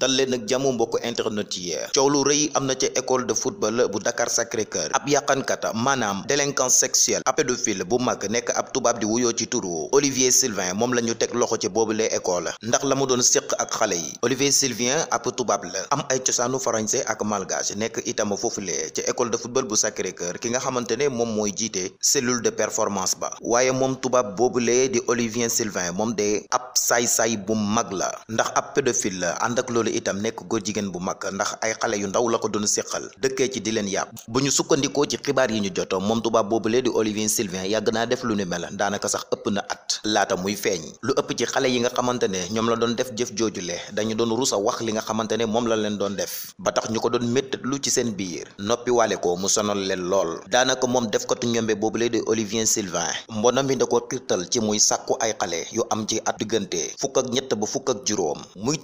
dal leen ak jàmm mbokk internet yi coow lu rëy am na ca école de football bu Dakar Sacré Cœur ab yàqankata maanaam délinquance sexuelle ab pédophile bu mag nekk ab tubaab di wuyoo ci turu Olivier Sylvain moom la ñu teg loxo ci boobule école ndax la mu doon séq ak xale yi Olivier Sylvain ab tubaab la am ay cosaanu français ak malgache nekk itam foofule ca école de football bu Sacré Cœur ki nga xamante ne moom mooy jiite cellule de performance ba waaye moom tubaab boobule di Olivier Sylvain moom de ab saay-saay bu mag la ndax ab pédophile la ànd ak Sylla itam nekk góor jigéen bu mag ndax ay xale yu ndaw la ko doon séqal dëkkee ci di leen yàpp bu ñu sukkandikoo ci xibaar yi ñu joto moom tubaab boobulee di Olivier Sylvain yàgg naa def lu ni mel daanaka sax ëpp na at laata muy feeñ lu ëpp ci xale yi nga xamante ne ñoom la doon def jëf joojule dañu doon a wax li nga xamante ne moom la leen doon def ba tax ñu ko doon méttat lu ci seen biir noppi waale ko mu sonal leen lool daanaka moom def ko tu ñombe boobulee di Olivier Sylvain mbonam mi da ko xirtal ci muy sàkku ay xale yu ci at diggante fukk ak ñett ba fukk ak juróom muy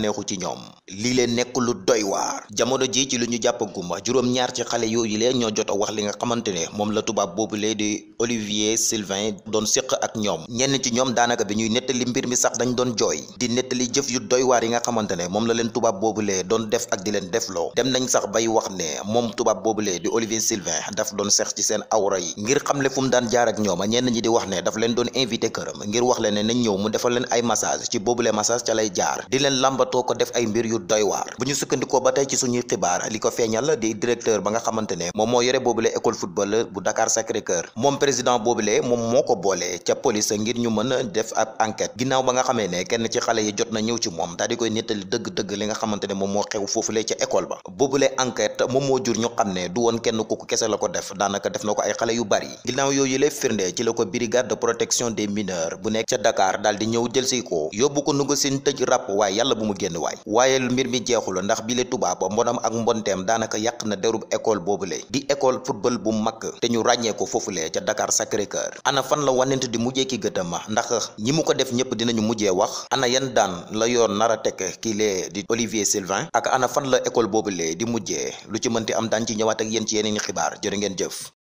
bànneexu ci ñoom lii leen nekk lu doy waar jamono ji ci lu ñu jàpp gumba juróom-ñaar ci xale yooyu leen ñoo jot wax li nga xamante ne moom la tubaab boobu lee di Olivier Sylvain doon séq ak ñoom ñenn ci ñoom daanaka bi ñuy nettali mbir mi sax dañ doon jooy di nettali jëf yu doy waar yi nga xamante ne moom la leen tubaab boobu lee doon def ak defloo dem nañ sax bay wax ne moom tubaab boobu lee di Olivier Sylvain daf doon sex ci seen awra yi ngir xamle fu mu daan jaar ak ñoom ñenn ñi di wax ne daf leen doon invité këram ngir wax leen ne nañ ñëw mu defal leen ay massage ci boobule massage ca lay jaar di leen làmbatoo ko def ay mbir yu doy waar bu ñu sukkandikoo ba tey ci suñuy xibaar li ko feeñal di directeur ba nga xamante ne moom moo yore boobule école football bu Dakar sacré moom président boobule moom moo ko boole ca police ngir ñu mën a def ak enquête ginnaaw ba nga xamee ne kenn ci xale yi jot na ñëw ci moom daal di koy nettali dëgg-dëgg li nga xamante ne moom moo xew foofule ca école ba boobule enquête moom moo jur ñu xam ne du woon kenn kooku kese la ko def daanaka def na ko ay xale yu bari ginnaaw yooyu lay firnde ci la ko brigade de protection des mineurs bu nekk ca Dakar di ñëw jëlsi ko yóbbu ko nuga seen tëj ràpp yàlla bu mu génn lu mbir mi jeexul ndax bile tubaab mbonam ak mbonteem daanaka yàq na derub école boobule di école football bu mag te ñu ràññee ko foofulee ca Dakar Sacré Cœur ana fan la wanent di mujjee ki gëtëm ndax ñi mu ko def ñëpp dinañu mujjee wax ana yan daan la yoon nar a tekk kii lee di Olivier Sylvain ak ana fan la école boobule di mujjee lu ci mënti am daan ci ñëwaat ak yéen ci yeneen xibaar jërë ngeen jëf